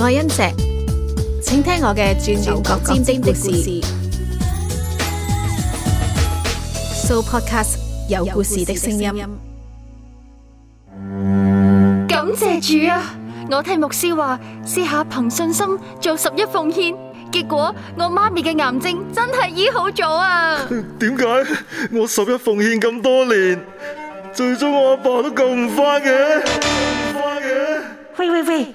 我係恩石，請聽我嘅鑽牛角尖的故事。So podcast 有故事的聲音。感謝主啊！我聽牧師話，試下憑信心做十一奉獻，結果我媽咪嘅癌症真係醫好咗啊！點解我十一奉獻咁多年，最終我阿爸都救唔返嘅？救唔返嘅？喂喂喂！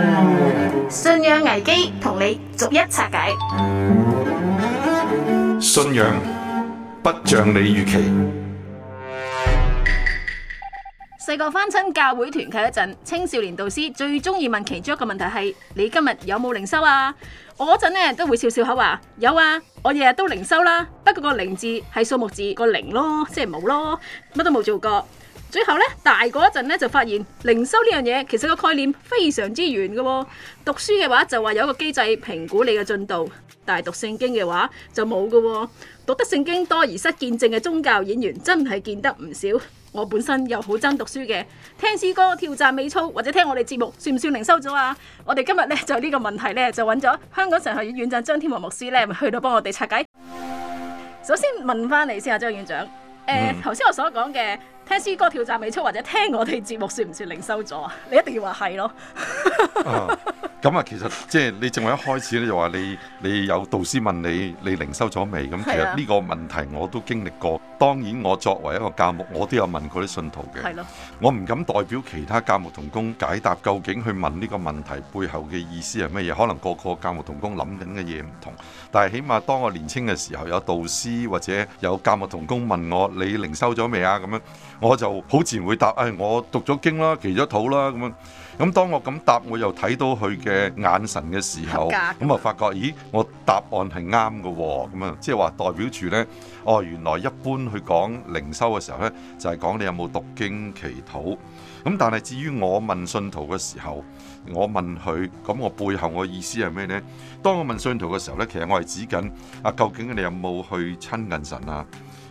信仰危機同你逐一拆解。信仰不像你預期。細個返親教會團契嗰陣，青少年導師最中意問其中一個問題係：你今日有冇靈修啊？我嗰陣咧都會笑笑口話：有啊，我日日都靈修啦。不過個靈字係數目字個零咯，即係冇咯，乜都冇做過。最後咧，大個陣咧就發現靈修呢樣嘢，其實個概念非常之圓嘅、哦。讀書嘅話就話有一個機製評估你嘅進度，但係讀聖經嘅話就冇嘅、哦。讀得聖經多而失見證嘅宗教演員真係見得唔少。我本身又好憎讀書嘅，聽詩歌、跳讚美操或者聽我哋節目，算唔算靈修咗啊？我哋今日咧就呢個問題咧就搵咗香港神學院院長張天和牧師咧去到幫我哋拆解。嗯、首先問翻你先啊，張院長，誒頭先我所講嘅。聽 C 歌挑戰未出，或者聽我哋節目，算唔算領收咗啊？你一定要話係咯。 Uh. 咁啊，其實即係你正話，一開始咧，就話你你有導師問你你靈修咗未？咁其實呢個問題我都經歷過，當然我作為一個教牧，我都有問過啲信徒嘅。的我唔敢代表其他教牧同工解答究竟去問呢個問題背後嘅意思係乜嘢？可能個個教牧同工諗緊嘅嘢唔同。但係起碼當我年青嘅時候，有導師或者有教牧同工問我，你靈修咗未啊？咁樣，我就好自然會答：誒、哎、我讀咗經啦，祈咗禱啦，咁樣。」咁當我咁答，我又睇到佢嘅眼神嘅時候，咁啊發覺咦，我答案係啱嘅喎，咁啊即係話代表住呢，哦原來一般去講靈修嘅時候呢，就係講你有冇讀經祈禱，咁但係至於我問信徒嘅時候，我問佢，咁我背後我意思係咩呢？當我問信徒嘅時候呢，其實我係指緊啊，究竟你有冇去親近神啊？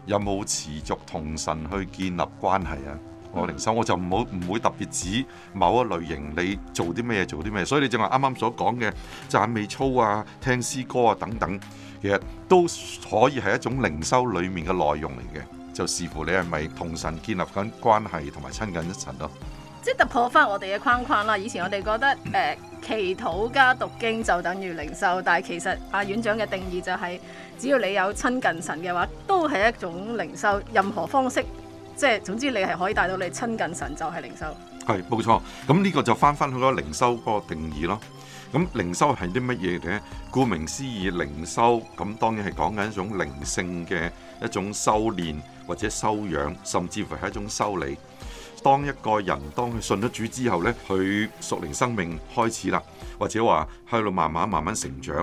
有冇持續同神去建立關係啊？我靈修我就唔好唔會特別指某一類型你做啲咩做啲咩，所以你正話啱啱所講嘅、就係、讚美操啊、聽詩歌啊等等，其實都可以係一種靈修裡面嘅內容嚟嘅，就視乎你係咪同神建立緊關係同埋親近一神咯，啊。即係突破返我哋嘅框框啦！以前我哋覺得誒祈禱加讀經就等於靈修，但係其實阿院長嘅定義就係只要你有親近神嘅話，都係一種靈修，任何方式。即係總之，你係可以帶到你親近神，就係靈修。係，冇錯，咁呢個就返返去個靈修個定義咯。咁靈修係啲乜嘢咧？顧名思義，靈修，咁當然係講緊一種靈性嘅一種修練或者修養，甚至乎係一種修理。當一個人，當佢信咗主之後呢，佢屬靈生命開始啦，或者話喺度慢慢慢慢成長。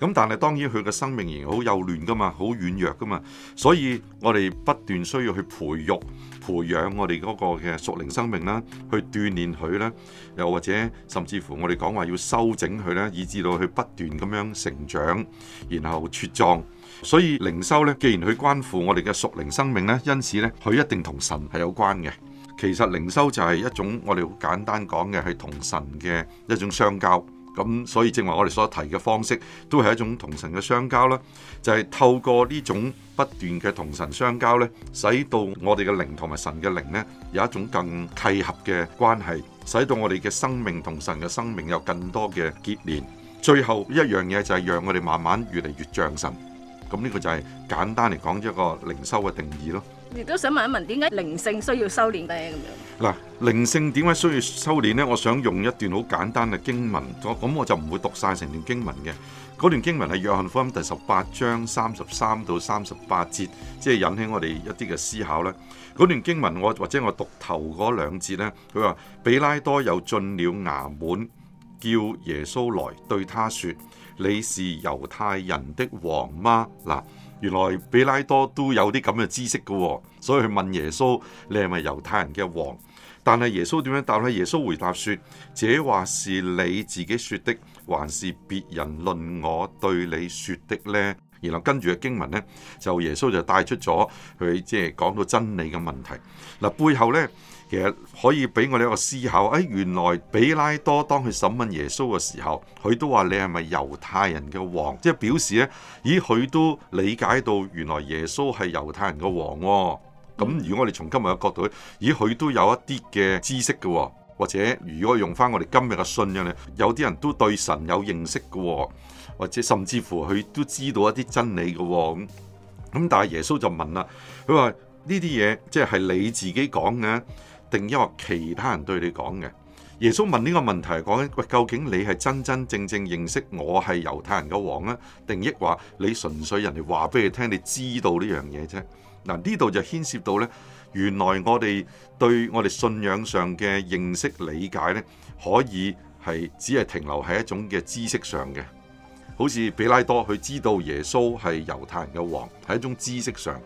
咁但係當然佢嘅生命仍然好幼嫩噶嘛，好軟弱噶嘛，所以我哋不斷需要去培育、培養我哋嗰個嘅屬靈生命啦，去鍛煉佢啦。又或者甚至乎我哋講話要修整佢啦，以至到佢不斷咁樣成長，然後茁壯。所以靈修呢，既然佢關乎我哋嘅屬靈生命呢，因此呢，佢一定同神係有關嘅。其實靈修就係一種我哋好簡單講嘅，係同神嘅一種相交。咁所以正話我哋所提嘅方式，都係一種同神嘅相交啦。就係、是、透過呢種不斷嘅同神相交咧，使到我哋嘅靈同埋神嘅靈咧，有一種更契合嘅關係，使到我哋嘅生命同神嘅生命有更多嘅結連。最後一樣嘢就係讓我哋慢慢越嚟越像神。咁呢個就係簡單嚟講一個靈修嘅定義咯。亦都想問一問點解靈性需要修煉咧咁樣？嗱，靈性點解需要修煉呢？我想用一段好簡單嘅經文，咁我，我就唔會讀晒成段經文嘅。段經文係約翰福音第十八章三十三到三十八節，即係引起我哋一啲嘅思考咧。段經文我或者我讀頭嗰兩節咧，佢話彼拉多又進了衙門，叫耶穌來對他說：你是猶太人的王嗎？嗱。原來比拉多都有啲咁嘅知識嘅，哦，所以佢問耶穌：你係咪猶太人嘅王？但係耶穌點樣答咧？耶穌回答說：這話是你自己說的，還是別人論我對你說的呢？然後跟住嘅經文呢，就耶穌就帶出咗佢即係講到真理嘅問題。嗱，呃，背後呢。其實可以俾我哋一個思考，誒、哎，原來，比拉多當佢審問耶穌嘅時候，佢都話你係咪猶太人嘅王？即係表示咧，咦，佢都理解到原來耶穌係猶太人嘅王喎。咁如果我哋從今日嘅角度，咦，佢都有一啲嘅知識㗎喎，或者如果用翻我哋今日嘅信仰咧，有啲人都對神有認識㗎喎，或者甚至乎佢都知道一啲真理㗎喎，咁咁但係耶穌就問啦，佢話呢啲嘢，即係你自己講嘅。定抑或其他人對你講嘅？耶穌問呢個問題嚟講，喂，究竟你係真真正正認識我係猶太人嘅王啊？定抑或你純粹人哋話俾你聽，你知道呢樣嘢啫？嗱，呢度就牽涉到呢，原來我哋對我哋信仰上嘅認識理解呢，可以係只係停留喺一種嘅知識上嘅，好似比拉多佢知道耶穌係猶太人嘅王，係一種知識上。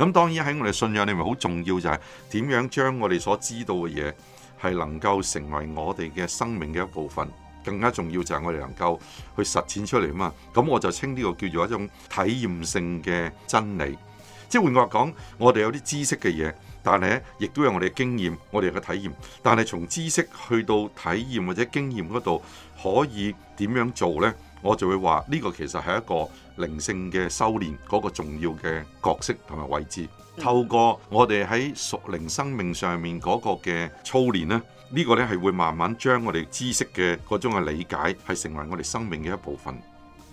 咁當然喺我哋信仰裡面好重要就係點樣將我哋所知道嘅嘢係能夠成為我哋嘅生命嘅一部分。更加重要就係我哋能夠去實踐出嚟啊嘛。咁我就稱呢個叫做一種體驗性嘅真理。即係換句話講，我哋有啲知識嘅嘢，但係咧亦都有我哋嘅經驗、我哋嘅體驗。但係從知識去到體驗或者經驗嗰度，可以點樣做咧？我就會話呢，這個其實係一個靈性嘅修煉嗰，那個重要嘅角色同埋位置。透過我哋喺屬靈生命上面嗰個嘅操練咧，這個，呢個咧係會慢慢將我哋知識嘅嗰種嘅理解係成為我哋生命嘅一部分。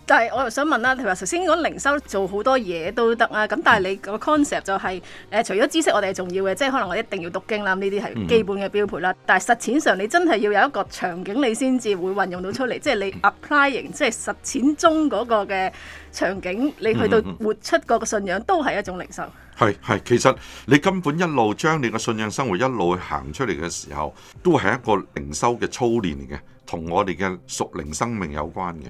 但係我又想問啦，譬如話，頭先講靈修做好多嘢都得啊。咁但係你個 concept 就係誒，除咗知識，我哋係重要嘅，即係可能我一定要讀經啦，呢啲係基本嘅標配啦。但係實踐上，你真係要有一個場景，你先至會運用到出嚟，即係你 applying，即係實踐中嗰個嘅場景，你去到活出嗰個信仰，都係一種靈修。係係，其實你根本一路將你嘅信仰生活一路行出嚟嘅時候，都係一個靈修嘅操練嚟嘅，同我哋嘅屬靈生命有關嘅。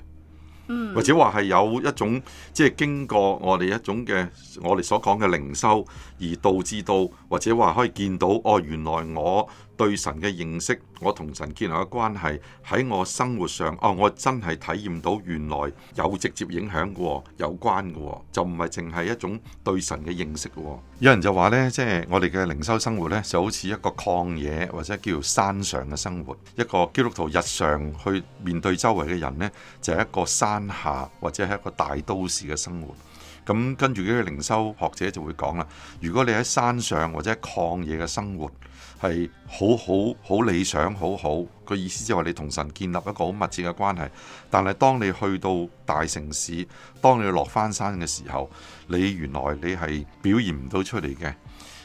或者話係有一種即係、就是、經過我哋一種嘅我哋所講嘅靈修，而導致到或者話可以見到哦，原來我，對神嘅認識，我同神建立嘅關係喺我生活上，哦，我真係體驗到原來有直接影響嘅，有關嘅，就唔係淨係一種對神嘅認識。有人就話呢，即係我哋嘅靈修生活呢，就好似一個曠野或者叫做山上嘅生活，一個基督徒日常去面對周圍嘅人呢，就係一個山下或者係一個大都市嘅生活。咁跟住呢個靈修學者就會講啦，如果你喺山上或者曠野嘅生活，係好好好理想，好好，個意思，即係話你同神建立一個好密切嘅關係。但係當你去到大城市，當你落翻山嘅時候，你原來你係表現唔到出嚟嘅、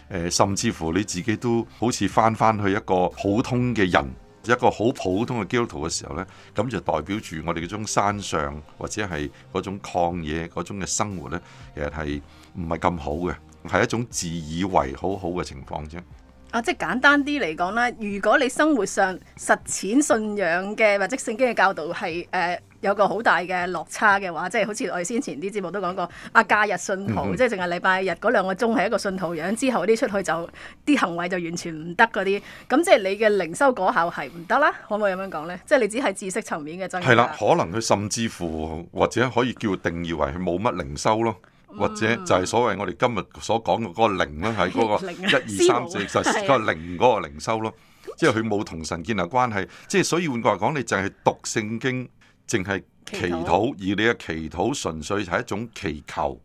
呃。甚至乎你自己都好似翻翻去一個普通嘅人，一個好普通嘅基督徒嘅時候呢，咁就代表住我哋嗰種山上或者係嗰種曠野嗰種嘅生活呢，其實係唔係咁好嘅，係一種自以為好好嘅情況啫。啊，即係簡單啲嚟講啦，如果你生活上實踐信仰嘅或者聖經嘅教導係誒、呃、有個好大嘅落差嘅話，即係好似我哋先前啲節目都講過，啊，假日信徒、嗯、即係淨係禮拜日嗰兩個鐘係一個信徒樣，之後啲出去就啲行為就完全唔得嗰啲，咁即係你嘅靈修果效係唔得啦，可唔可以咁樣講咧？即係你只係知識層面嘅增、啊。係啦，可能佢甚至乎或者可以叫定義為冇乜靈修咯。或者就係所謂我哋今日所講嘅嗰個靈啦，喺嗰個一二三四就係嗰個靈嗰個靈修咯，即係佢冇同神建立關係，即係所以換句話講，你淨係讀聖經，淨係祈禱，而你嘅祈禱純粹係一種祈求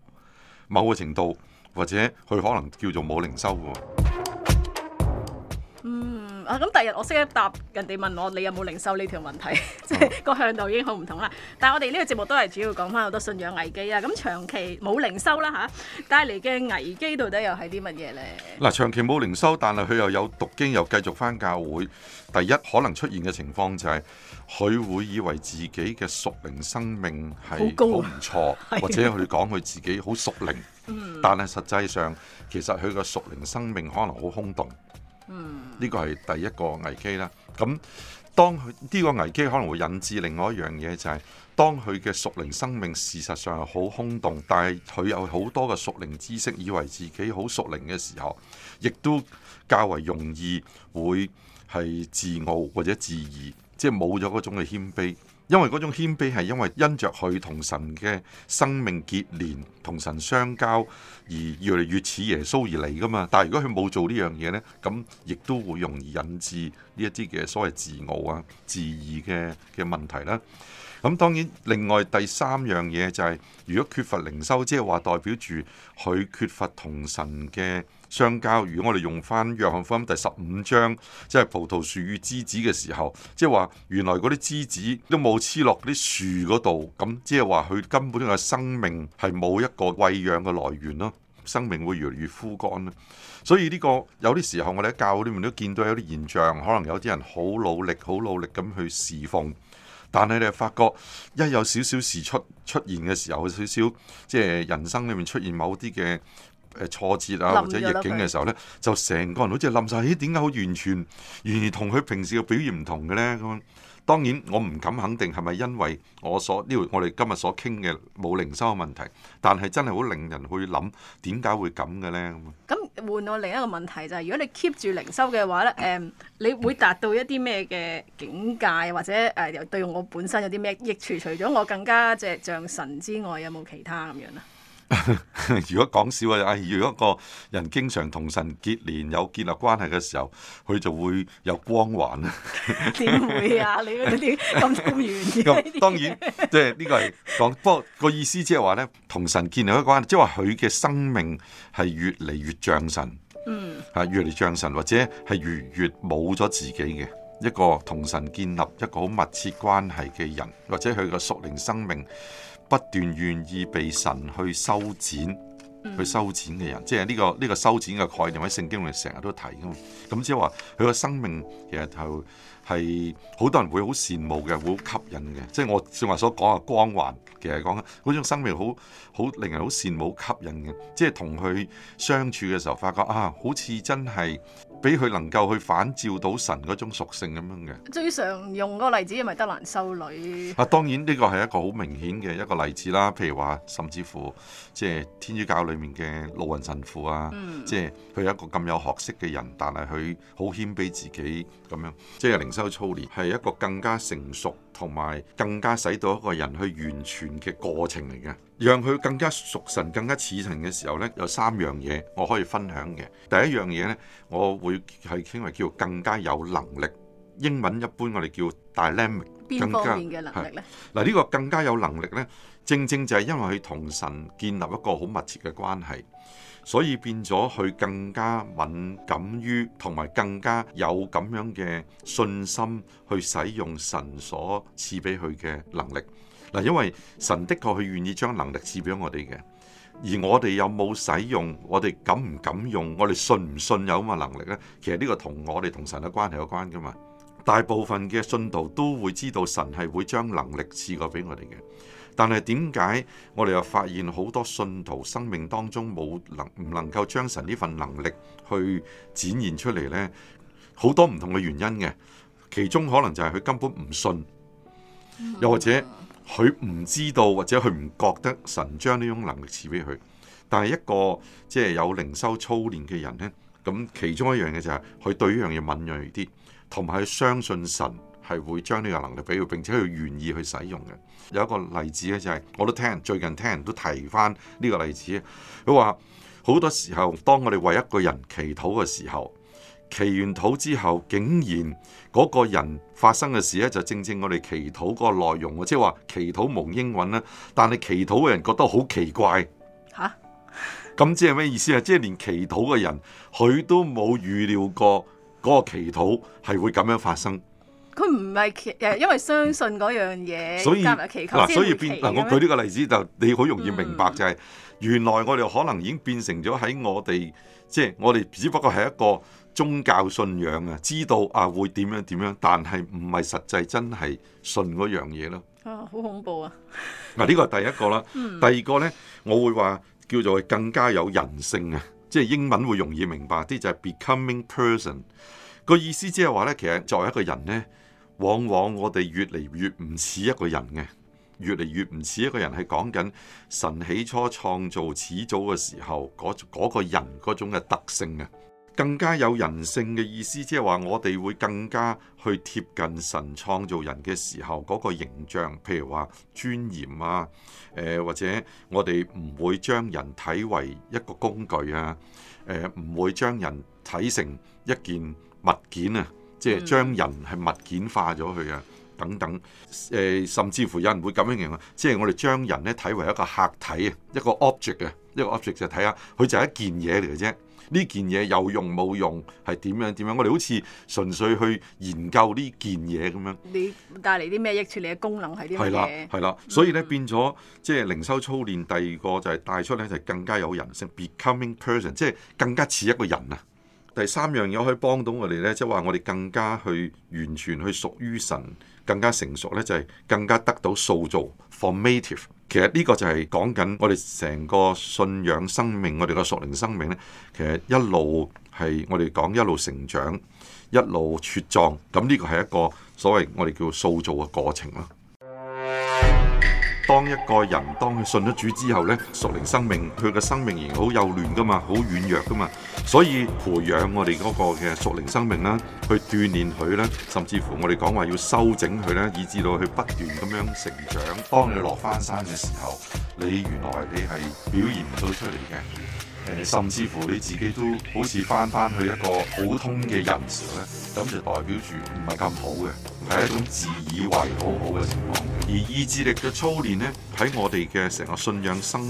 某個程度，或者佢可能叫做冇靈修嘅。嗯。啊咁第日我識一答人哋問我你有冇靈修呢條問題，即係個向度已經好唔同啦。但係我哋呢個節目都係主要講返好多信仰危機啊。咁長期冇靈修啦嚇，帶嚟嘅危機到底又係啲乜嘢呢？嗱，長期冇靈修，但係佢又有讀經又繼續返教會，第一可能出現嘅情況就係佢會以為自己嘅屬靈生命係好唔錯，或者佢講佢自己好屬靈，但係實際上其實佢嘅屬靈生命可能好空洞。呢個係第一個危機啦。咁當佢呢個危機可能會引致另外一樣嘢，就係當佢嘅屬靈生命事實上係好空洞，但係佢有好多嘅屬靈知識，以為自己好屬靈嘅時候，亦都較為容易會係自傲或者自疑，即係冇咗嗰種嘅謙卑。因為嗰種謙卑係因為因着佢同神嘅生命結連，同神相交而越嚟越似耶穌而嚟㗎嘛。但係如果佢冇做呢樣嘢呢，咁亦都會容易引致呢一啲嘅所謂自傲啊、自疑嘅嘅問題啦。咁當然，另外第三樣嘢就係，如果缺乏靈修，即係話代表住佢缺乏同神嘅相交。如果我哋用翻約翰福音第十五章，即係葡萄樹與枝子嘅時候，即係話原來嗰啲枝子都冇黐落嗰啲樹嗰度，咁即係話佢根本嘅生命係冇一個餵養嘅來源咯，生命會越嚟越枯乾。所以呢個有啲時候我哋喺教裡面都見到有啲現象，可能有啲人好努力、好努力咁去侍奉。但係你又發覺，一有少少時出出現嘅時候，有少少即係、就是、人生裏面出現某啲嘅誒挫折啊，或者逆境嘅時候咧，就成個人好似冧晒。咦、欸？點解好完全，完全同佢平時嘅表現唔同嘅咧？咁。當然，我唔敢肯定係咪因為我所呢回我哋今日所傾嘅冇靈修嘅問題，但係真係好令人去諗點解會咁嘅咧咁。咁換我另一個問題就係、是，如果你 keep 住靈修嘅話咧，誒、嗯，你會達到一啲咩嘅境界，或者誒又對我本身有啲咩益處？除除咗我更加即係像神之外，有冇其他咁樣咧？ 如果講笑啊，如果一個人經常同神結連有建立關係嘅時候，佢就會有光環咧。點 會啊？你啲咁遠、啊、 當然，即係呢個係講，不過個意思即係話咧，同神建立一個關係，即係話佢嘅生命係越嚟越像神。嗯，啊，越嚟像神，或者係越越冇咗自己嘅一個同神建立一個好密切關係嘅人，或者佢個屬靈生命。不斷願意被神去修剪、去修剪嘅人，即係呢個呢個修剪嘅概念喺聖經裏面成日都提㗎嘛。咁即係話佢個生命其實就係好多人會好羨慕嘅，會好吸引嘅。即係我正話所講嘅光環，其實講嗰種生命好好令人好羨慕、好吸引嘅。即係同佢相處嘅時候，發覺啊，好似真係。俾佢能夠去反照到神嗰種屬性咁樣嘅。最常用個例子，因為德蘭修女，啊，當然呢個係一個好明顯嘅一個例子啦。譬如話，甚至乎即係天主教裏面嘅盧雲神父啊，即係佢一個咁有學識嘅人，但係佢好謙卑自己咁樣，即係靈修操練，係一個更加成熟同埋更加使到一個人去完全嘅過程嚟嘅。讓佢更加屬神、更加似神嘅時候咧，有三樣嘢我可以分享嘅。第一樣嘢咧，我會係稱為叫更加有能力，英文一般我哋叫 dynamic。邊方面嘅能力咧？嗱，呢個更加有能力咧，正正就係因為佢同神建立一個好密切嘅關係，所以變咗佢更加敏感於同埋更加有咁樣嘅信心去使用神所賜俾佢嘅能力。嗱，因為神的確係願意將能力賜俾我哋嘅，而我哋有冇使用，我哋敢唔敢用，我哋信唔信有咁嘅能力呢？其實呢個同我哋同神嘅關係有關噶嘛。大部分嘅信徒都會知道神係會將能力賜過俾我哋嘅，但係點解我哋又發現好多信徒生命當中冇能唔能夠將神呢份能力去展現出嚟呢？好多唔同嘅原因嘅，其中可能就係佢根本唔信，又或者。佢唔知道或者佢唔覺得神將呢種能力賜俾佢，但係一個即係、就是、有靈修操練嘅人呢，咁其中一樣嘅就係、是、佢對呢樣嘢敏鋭啲，同埋佢相信神係會將呢個能力俾佢，並且佢願意去使用嘅。有一個例子呢、就是，就係我都聽最近聽人都提翻呢個例子，佢話好多時候當我哋為一個人祈禱嘅時候。祈完禱之後，竟然嗰個人發生嘅事咧，就正正我哋祈禱嗰個內容喎，即係話祈禱無應允咧，但係祈禱嘅人覺得好奇怪嚇，咁即係咩意思啊？即係連祈禱嘅人佢都冇預料過嗰個祈禱係會咁樣發生。佢唔係祈，因為相信嗰樣嘢 所以。祈禱所以變，嗱，我舉呢個例子就你好容易明白，就係嗯、原來我哋可能已經變成咗喺我哋，即係我哋只不過係一個。宗教信仰啊，知道啊會點樣點樣，但係唔係實際真係信嗰樣嘢咯。啊，好恐怖啊！嗱，呢個係第一個啦。嗯、第二個咧，我會話叫做更加有人性啊，即係英文會容易明白啲，就係、是、becoming person 個意思，即係話咧，其實作為一個人咧，往往我哋越嚟越唔似一個人嘅，越嚟越唔似一個人係講緊神起初創造始祖嘅時候嗰嗰、嗰個人嗰種嘅特性啊。更加有人性嘅意思，即係話我哋會更加去貼近神創造人嘅時候嗰個形象，譬如話尊嚴啊，誒、呃、或者我哋唔會將人睇為一個工具啊，誒、呃、唔會將人睇成一件物件啊，即係將人係物件化咗佢啊，等等，誒、呃、甚至乎有人會咁樣形容，即係我哋將人咧睇為一個客體啊，一個 object 啊，一個 object 就睇下，佢就係一件嘢嚟嘅啫。呢件嘢有用冇用係點樣點樣？我哋好似純粹去研究呢件嘢咁樣。你帶嚟啲咩益處？你嘅功能係啲乜嘢？係啦，係啦，所以咧變咗即係靈修操練。第二個就係帶出咧就係更加有人性，becoming person，即係更加似一個人啊。第三樣嘢可以幫到我哋咧，即係話我哋更加去完全去屬於神，更加成熟咧就係更加得到塑造 （formative）。其實呢個就係講緊我哋成個信仰生命，我哋個屬靈生命咧，其實一路係我哋講一路成長，一路茁壯，咁呢個係一個所謂我哋叫做塑造嘅過程啦。當一個人當佢信咗主之後呢，屬靈生命佢嘅生命仍然好幼嫩噶嘛，好軟弱噶嘛，所以培養我哋嗰個嘅屬靈生命啦，去鍛鍊佢啦，甚至乎我哋講話要修整佢啦，以至到佢不斷咁樣成長。當你落返山嘅時候，你原來你係表現唔到出嚟嘅，甚至乎你自己都好似返返去一個普通嘅人時候呢，咁就代表住唔係咁好嘅，係一種自以為好好嘅情況。而意志力嘅操練咧，喺我哋嘅成個信仰生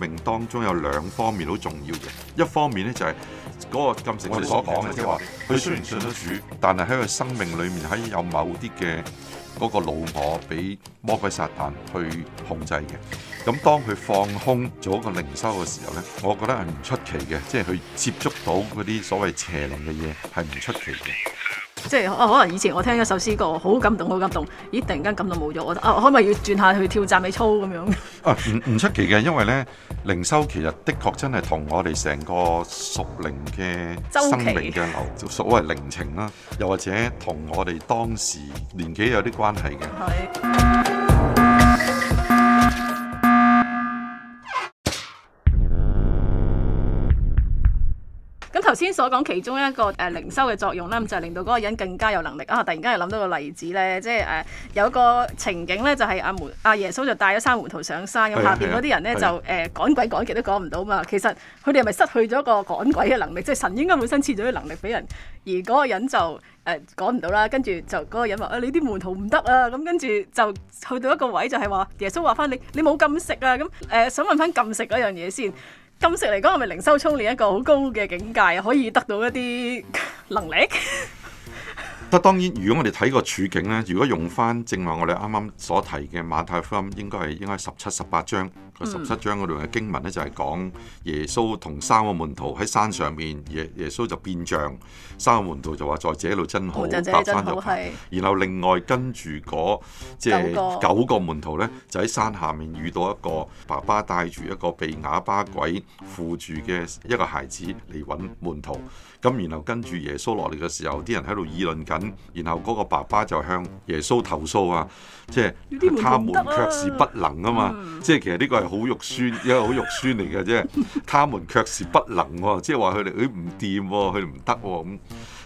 命當中有兩方面好重要嘅。一方面呢，就係、是、嗰個金蛇，我哋所講嘅，即係話佢雖然信得主，但係喺佢生命裏面喺有某啲嘅嗰個老我俾魔鬼撒旦去控制嘅。咁當佢放空做一個靈修嘅時候呢，我覺得係唔出奇嘅，即係佢接觸到嗰啲所謂邪靈嘅嘢係唔出奇嘅。即係可能以前我聽一首詩歌，好感動，好感動。咦，突然間感動冇咗，我啊，可唔可以轉下去跳讚美操咁樣？啊，唔唔出奇嘅，因為呢靈修其實的確真係同我哋成個屬靈嘅生命嘅流，所謂靈情啦，又或者同我哋當時年紀有啲關係嘅。係。先所講其中一個誒、呃、靈修嘅作用咧，咁就係、令到嗰個人更加有能力啊！突然間又諗到個例子咧，即係誒、呃、有個情景咧，就係阿門阿耶穌就帶咗三門徒上山咁，下邊嗰啲人咧就誒、呃、趕鬼趕極都趕唔到嘛。其實佢哋係咪失去咗個趕鬼嘅能力？即係神應該本身賜咗啲能力俾人，而嗰個人就誒、呃、趕唔到啦。跟住就嗰、嗰個人話，啊你啲門徒唔得啊！咁跟住就去到一個位，就係話耶穌話翻你，你冇禁食啊！咁、呃、誒想問翻禁食嗰樣嘢先。禁食嚟講，係咪靈修操練一個好高嘅境界，可以得到一啲能力？但 當然，如果我哋睇個處境咧，如果用翻正話我哋啱啱所提嘅馬太福音，應該係應該係十七、十八章。十七章嗰度嘅經文咧，就係講耶穌同三個門徒喺山上面，耶耶穌就變像，三個門徒就話在這裏真好，白山就爬。然後另外跟住嗰即係九個門徒咧，就喺山下面遇到一個爸爸帶住一個被啞巴鬼附住嘅一個孩子嚟揾門徒。咁然後跟住耶穌落嚟嘅時候，啲人喺度議論緊。然後嗰個爸爸就向耶穌投訴話。即係，佢哋卻是不能啊嘛！即係其實呢個係好肉酸，因為好肉酸嚟嘅啫。即係佢哋卻是不能喎、啊，即係話佢哋佢唔掂喎，佢哋唔得喎咁。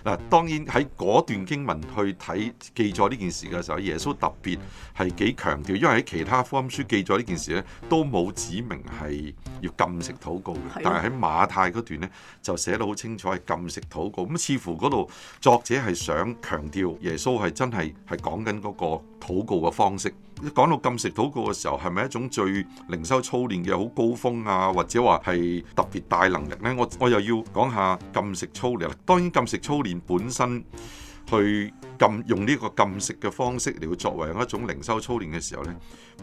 嗱，當然喺嗰段經文去睇記載呢件事嘅時候，耶穌特別係幾強調，因為喺其他福音書記載呢件事呢，都冇指明係要禁食禱告嘅，但係喺馬太嗰段呢，就寫得好清楚係禁食禱告，咁似乎嗰度作者係想強調耶穌係真係係講緊嗰個禱告嘅方式。講到禁食禱告嘅時候，係咪一種最靈修操練嘅好高峰啊？或者話係特別大能力呢？我我又要講下禁食操練啦。當然，禁食操練本身去禁用呢個禁食嘅方式嚟，作為一種靈修操練嘅時候呢，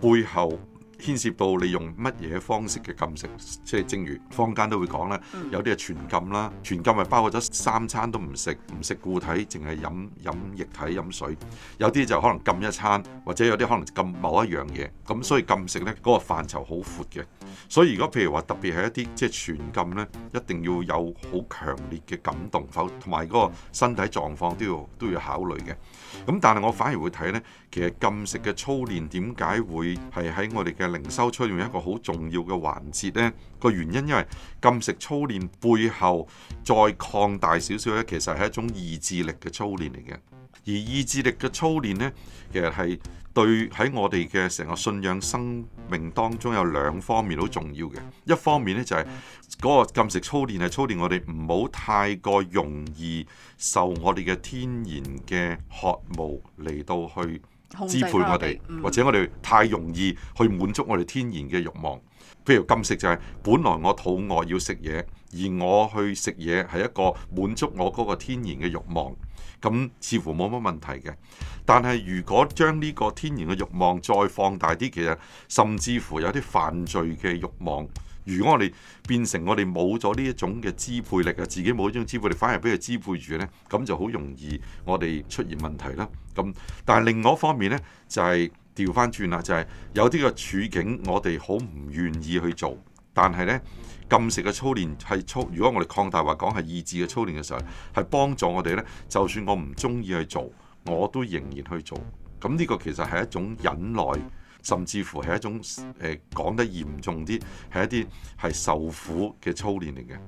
背後。牽涉到你用乜嘢方式嘅禁食，即係正如坊間都會講啦，有啲係全禁啦，全禁係包括咗三餐都唔食，唔食固體，淨係飲飲液體飲水。有啲就可能禁一餐，或者有啲可能禁某一樣嘢。咁所以禁食呢，嗰個範疇好闊嘅。所以如果譬如話特別係一啲即係全禁呢，一定要有好強烈嘅感動，否同埋嗰個身體狀況都要都要考慮嘅。咁但係我反而會睇呢。其實禁食嘅操練點解會係喺我哋嘅靈修出現一個好重要嘅環節呢？個原因因為禁食操練背後再擴大少少，呢其實係一種意志力嘅操練嚟嘅。而意志力嘅操練呢，其實係對喺我哋嘅成個信仰生命當中有兩方面好重要嘅。一方面呢，就係、是嗰個禁食操練係操練我哋唔好太過容易受我哋嘅天然嘅渴慕嚟到去支配我哋，或者我哋太容易去滿足我哋天然嘅欲望。譬如禁食就係本來我肚餓要食嘢，而我去食嘢係一個滿足我嗰個天然嘅欲望，咁似乎冇乜問題嘅。但係如果將呢個天然嘅欲望再放大啲，其實甚至乎有啲犯罪嘅欲望。如果我哋變成我哋冇咗呢一種嘅支配力啊，自己冇呢種支配力，反而俾佢支配住呢，咁就好容易我哋出現問題啦。咁但係另外一方面呢，就係調返轉啦，就係有啲嘅處境我哋好唔願意去做，但係呢，禁食嘅操練係操，如果我哋擴大話講係意志嘅操練嘅時候，係幫助我哋呢，就算我唔中意去做，我都仍然去做。咁呢個其實係一種忍耐。甚至乎係一種誒，講得嚴重啲，係一啲係受苦嘅操練嚟嘅。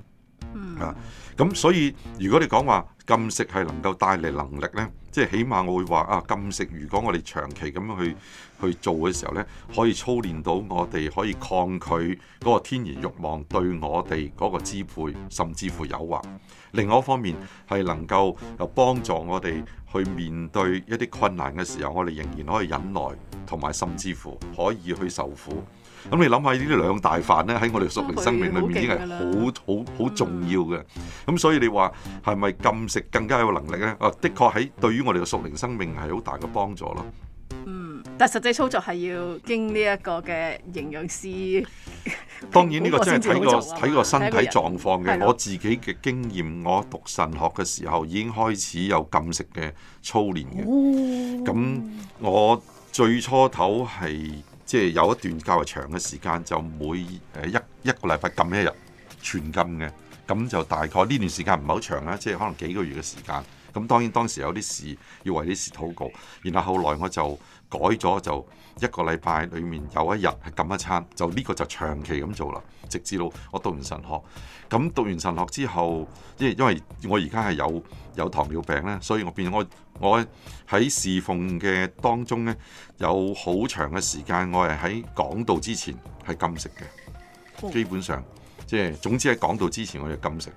嗯、啊，咁所以如果你講話禁食係能夠帶嚟能力呢，即係起碼我會話啊，禁食如果我哋長期咁樣去去做嘅時候呢，可以操練到我哋可以抗拒嗰個天然欲望對我哋嗰個支配，甚至乎誘惑。另外一方面係能夠又幫助我哋去面對一啲困難嘅時候，我哋仍然可以忍耐，同埋甚至乎可以去受苦。咁你諗下呢啲兩大飯咧，喺我哋嘅屬靈生命裏面已經係好好好重要嘅。咁所以你話係咪禁食更加有能力咧？啊，的確喺對於我哋嘅屬靈生命係好大嘅幫助咯。嗯，但實際操作係要經呢一個嘅營養師。當然呢個真係睇個睇個身體狀況嘅。我自己嘅經驗，我讀神學嘅時候已經開始有禁食嘅操練嘅。咁我最初頭係。即係有一段較為長嘅時間，就每誒一一個禮拜禁一日，全禁嘅，咁就大概呢段時間唔係好長啦，即係可能幾個月嘅時間。咁當然當時有啲事要為啲事禱告，然後後來我就改咗，就一個禮拜裡面有一日係禁一餐，就呢個就長期咁做啦，直至到我讀完神學。咁讀完神學之後，即係因為我而家係有有糖尿病咧，所以我變咗我我喺侍奉嘅當中咧，有好長嘅時間我係喺講道之前係禁食嘅，基本上即係總之喺講道之前我係禁食。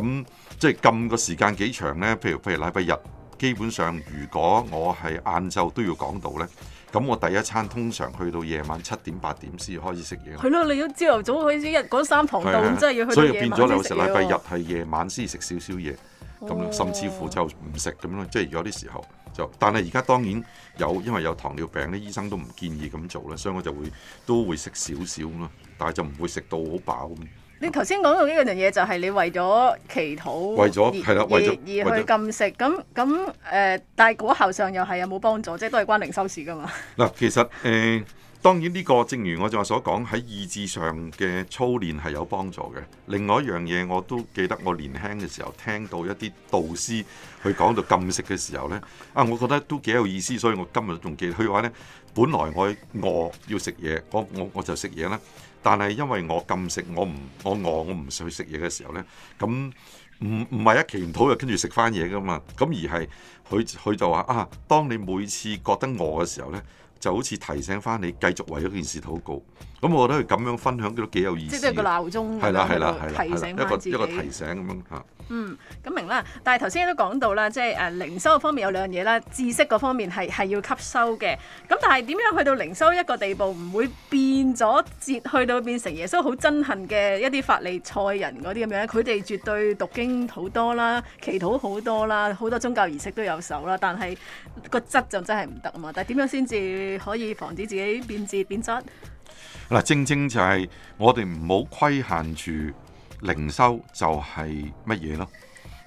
咁即係禁個時間幾長咧？譬如譬如禮拜日，基本上如果我係晏晝都要講到咧，咁我第一餐通常去到夜晚七點八點先要開始食嘢。係咯，你朝頭早開始一三堂到，的真係要去。所以變咗你有時禮拜日係夜晚先食少少嘢，咁甚至乎就唔食咁咯。即係有啲時候就，但係而家當然有，因為有糖尿病咧，醫生都唔建議咁做咧，所以我就會都會食少少咯，但係就唔會食到好飽。.你頭先講到呢樣嘢，就係你為咗祈禱，為咗係啦，為咗而去禁食，咁咁誒，但係果效上又係有冇幫助？即係都係關靈修事噶嘛？嗱，其實誒，呃，當然呢個正如我仲話所講，喺意志上嘅操練係有幫助嘅。另外一樣嘢，我都記得我年輕嘅時候聽到一啲導師去講到禁食嘅時候咧，啊，我覺得都幾有意思，所以我今日仲記起話咧，本來我餓要食嘢，我我我就食嘢啦。啊但係因為我禁食，我唔我餓，我唔想去食嘢嘅時候咧，咁唔唔係一祈禱就跟住食翻嘢噶嘛，咁而係佢佢就話啊，當你每次覺得餓嘅時候咧，就好似提醒翻你繼續為咗件事禱告。咁我覺得佢咁樣分享佢都幾有意思。即係一個鬧鐘，係啦係啦係啦，一個一個提醒咁樣吓。嗯，咁明啦。但係頭先都講到啦，即係誒靈修方面有兩樣嘢啦，知識嗰方面係係要吸收嘅。咁但係點樣去到靈修一個地步，唔會變咗節，去到變成耶穌好憎恨嘅一啲法利賽人嗰啲咁樣？佢哋絕對讀經好多啦，祈禱好多啦，好多宗教儀式都有手啦。但係個質就真係唔得啊嘛。但係點樣先至可以防止自己變質變質？嗱，正正就係我哋唔好規限住。靈修就係乜嘢咯？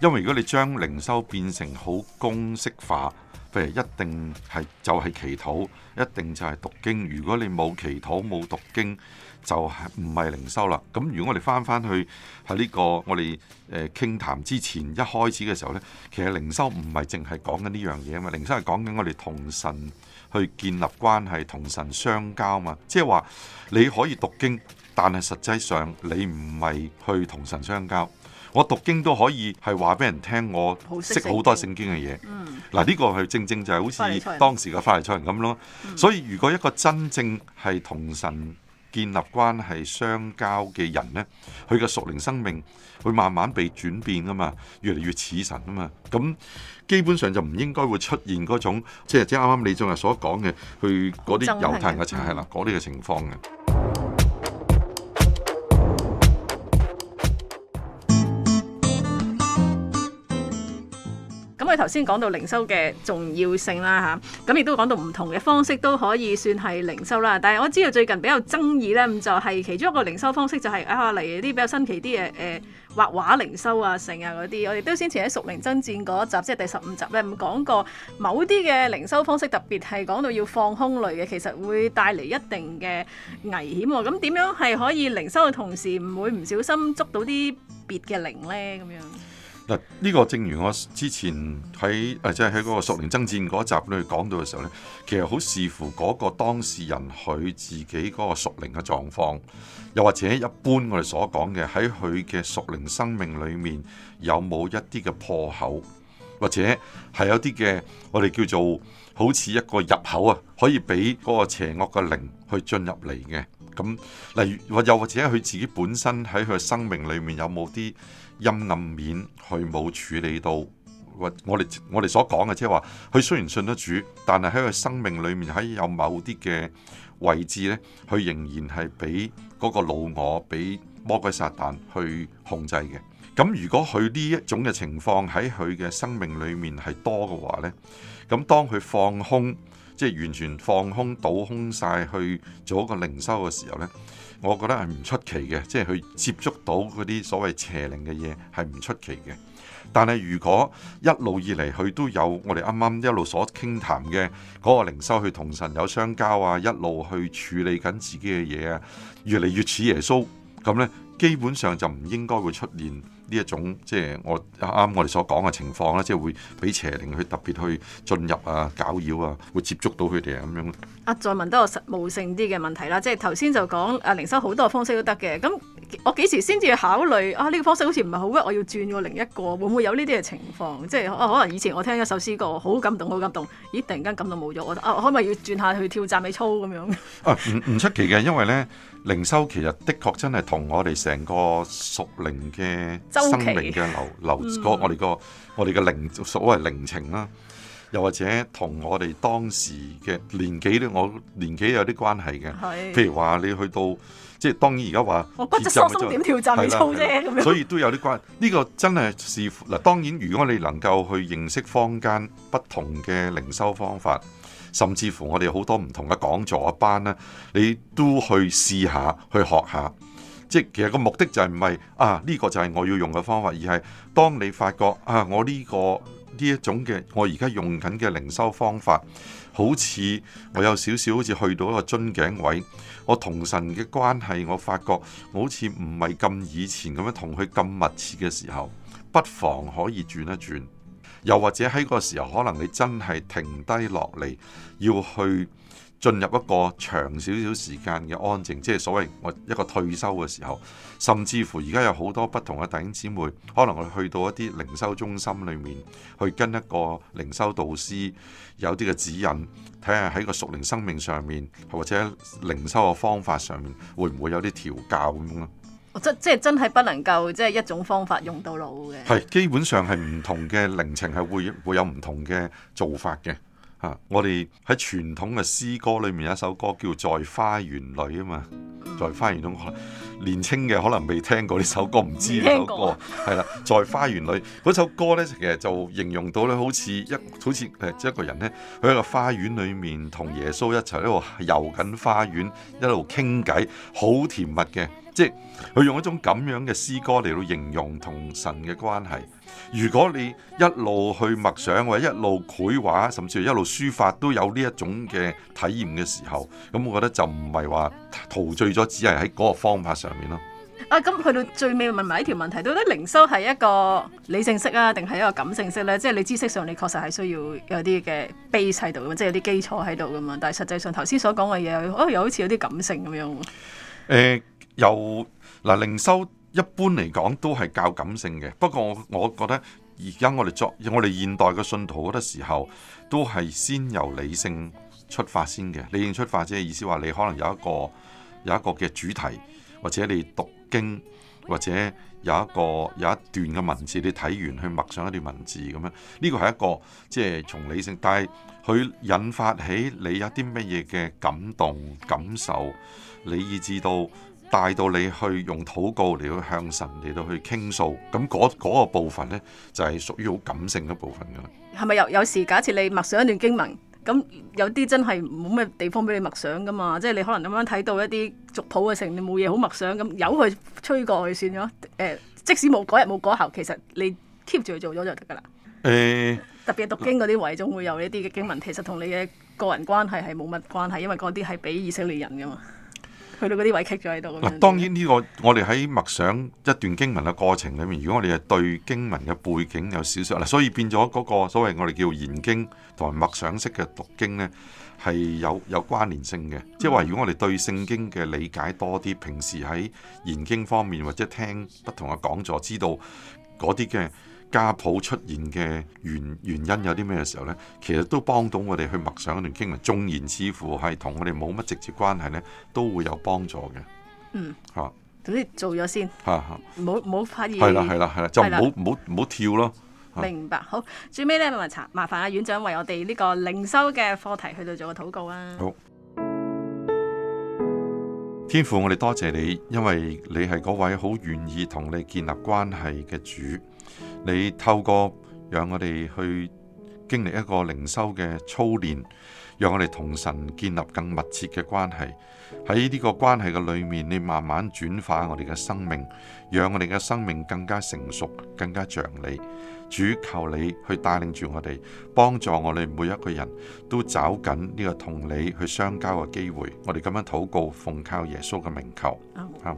因為如果你將靈修變成好公式化，譬如一定係就係祈禱，一定就係讀經，如果你冇祈禱冇讀經，就係唔係靈修啦。咁如果我哋翻翻去喺呢個我哋誒傾談之前一開始嘅時候呢，其實靈修唔係淨係講緊呢樣嘢啊嘛，靈修係講緊我哋同神去建立關係，同神相交嘛，即係話你可以讀經。但係實際上，你唔係去同神相交。我讀經都可以係話俾人聽，我識好多聖經嘅嘢。嗱，呢個係正正就係好似當時嘅法利賽人咁咯。所以，如果一個真正係同神建立關係相交嘅人呢，佢嘅屬靈生命會慢慢被轉變噶嘛，越嚟越似神啊嘛。咁基本上就唔應該會出現嗰種，即係啱啱李俊仁所講嘅，去嗰啲猶太人嘅情係啦，嗰啲嘅情況嘅。因為頭先講到靈修嘅重要性啦吓，咁亦都講到唔同嘅方式都可以算係靈修啦。但係我知道最近比較爭議咧，咁就係其中一個靈修方式就係啊，例如啲比較新奇啲嘅誒畫畫靈修啊、成啊嗰啲。我哋都先前喺《熟靈爭戰》嗰集，即係第十五集咧，唔講過某啲嘅靈修方式，特別係講到要放空類嘅，其實會帶嚟一定嘅危險喎。咁點樣係可以靈修嘅同時，唔會唔小心捉到啲別嘅靈咧？咁樣？呢個正如我之前喺誒，即係喺嗰個屬靈爭戰嗰集裏講到嘅時候，呢其實好視乎嗰個當事人佢自己嗰個屬靈嘅狀況，又或者一般我哋所講嘅喺佢嘅屬靈生命裏面有冇一啲嘅破口，或者係有啲嘅我哋叫做好似一個入口啊，可以俾嗰個邪惡嘅靈去進入嚟嘅。咁，例如或又或者佢自己本身喺佢生命裏面有冇啲陰暗面佢冇處理到，或我哋我哋所講嘅，即係話佢雖然信得主，但係喺佢生命裏面喺有某啲嘅位置呢，佢仍然係俾嗰個老我、俾魔鬼撒旦去控制嘅。咁如果佢呢一種嘅情況喺佢嘅生命裏面係多嘅話呢，咁當佢放空，即係完全放空、倒空晒去做一個靈修嘅時候呢。我覺得係唔出奇嘅，即係佢接觸到嗰啲所謂邪靈嘅嘢係唔出奇嘅。但係如果一路以嚟佢都有我哋啱啱一路所傾談嘅嗰個靈修，去同神有相交啊，一路去處理緊自己嘅嘢啊，越嚟越似耶穌咁呢，基本上就唔應該會出現。呢一種即係我啱啱我哋所講嘅情況咧，即係會俾邪靈去特別去進入啊、搞擾啊，會接觸到佢哋啊咁樣。啊，再問多個實務性啲嘅問題啦，即係頭先就講啊，靈修好多方式都得嘅，咁。我幾時先至考慮啊？呢個方式好似唔係好，我要轉個另一個，會唔會有呢啲嘅情況？即係、啊、可能以前我聽一首詩歌，好感動，好感動，咦？突然間感到冇咗，我啊，可唔可以要轉下去跳讚美操咁樣？啊，唔唔出奇嘅，因為咧靈修其實的確真係同我哋成個屬靈嘅生命嘅流期流個我哋個、嗯、我哋嘅靈所謂靈情啦，又或者同我哋當時嘅年紀咧，我年紀有啲關係嘅。係，譬如話你去到。即係當然而家話，我骨質疏鬆，點調節咪粗啫，所以都有啲關，呢個真係視乎嗱。當然，如果你能夠去認識坊間不同嘅靈修方法，甚至乎我哋好多唔同嘅講座、班呢，你都去試下去學下。即係其實個目的就係唔係啊？呢個就係我要用嘅方法，而係當你發覺啊，我呢個呢一種嘅我而家用緊嘅靈修方法。好似我有少少好似去到一個樽頸位，我同神嘅關係，我發覺我好似唔係咁以前咁樣同佢咁密切嘅時候，不妨可以轉一轉，又或者喺嗰個時候可能你真係停低落嚟要去。進入一個長少少時間嘅安靜，即係所謂我一個退休嘅時候，甚至乎而家有好多不同嘅弟兄姊妹，可能我去到一啲靈修中心裏面，去跟一個靈修導師有啲嘅指引，睇下喺個熟齡生命上面，或者靈修嘅方法上面，會唔會有啲調教咁樣咯。即即係真係不能夠即係一種方法用到老嘅。係基本上係唔同嘅靈程係會會有唔同嘅做法嘅。啊！我哋喺傳統嘅詩歌裏面有一首歌叫《在花園裏》啊嘛，在花園中，年青嘅可能未聽過呢首歌，唔知呢首歌係啦聽， 在花園裏嗰首歌呢，其實就形容到呢，好似一好似誒，即一個人咧，喺個花園裏面同耶穌一齊喺度遊緊花園，一路傾偈，好甜蜜嘅。即佢用一種咁樣嘅詩歌嚟到形容同神嘅關係。如果你一路去默想或者一路繪畫，甚至係一路書法，都有呢一種嘅體驗嘅時候，咁我覺得就唔係話陶醉咗，只係喺嗰個方法上面咯。啊，咁去到最尾問埋一條問題，到底靈修係一個理性式啊，定係一個感性式咧？即係你知識上你確實係需要有啲嘅 basis 度，即係有啲基礎喺度噶嘛。但係實際上頭先所講嘅嘢，哦，又好似有啲感性咁樣。誒。欸由嗱、呃，靈修一般嚟講都係較感性嘅。不過我我覺得而家我哋作我哋現代嘅信徒嗰啲時候，都係先由理性出發先嘅。理性出發即係意思話，你可能有一個有一個嘅主題，或者你讀經，或者有一個有一段嘅文字，你睇完去默上一段文字咁樣。呢、這個係一個即係從理性，但係佢引發起你有啲乜嘢嘅感動感受，你以至到。帶到你去用禱告嚟到向神嚟到去傾訴，咁嗰嗰個部分咧就係屬於好感性嘅部分噶啦。係咪有，有時假設你默想一段經文，咁有啲真係冇咩地方俾你默想噶嘛？即係你可能咁樣睇到一啲族譜嘅成，你冇嘢好默想，咁由佢吹過去算咗。誒，即使冇嗰日冇嗰下，其實你 keep 住做咗就得噶啦。誒，特別係讀經嗰啲位總會有呢啲嘅經文，其實同你嘅個人關係係冇乜關係，因為嗰啲係俾以色列人噶嘛。去到嗰啲位棘咗喺度咁。當然呢個我哋喺默想一段經文嘅過程裏面，如果我哋係對經文嘅背景有少少，嗱，所以變咗嗰個所謂我哋叫研經同埋默想式嘅讀經呢，係有有關聯性嘅。即係話，如果我哋對聖經嘅理解多啲，平時喺研經方面或者聽不同嘅講座，知道嗰啲嘅。家譜出現嘅原原因有啲咩嘅時候咧，其實都幫到我哋去默想一段經文。縱然似乎係同我哋冇乜直接關係咧，都會有幫助嘅。嗯，吓、啊，總之做咗先，吓吓、啊，唔好唔好發疑。係啦係啦係啦，就唔好唔好唔好跳咯。明白。好，最尾咧，咪查，麻煩阿、啊、院長為我哋呢個靈修嘅課題去到做個禱告啊。好。天父，我哋多謝你，因為你係嗰位好願意同你建立關係嘅主。你透過讓我哋去經歷一個靈修嘅操練，讓我哋同神建立更密切嘅關係。喺呢個關係嘅裏面，你慢慢轉化我哋嘅生命，讓我哋嘅生命更加成熟，更加像你。主求你去帶領住我哋，幫助我哋每一個人都找緊呢個同你去相交嘅機會。我哋咁樣禱告，奉靠耶穌嘅名求。Amen.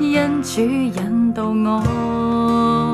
因主引導我。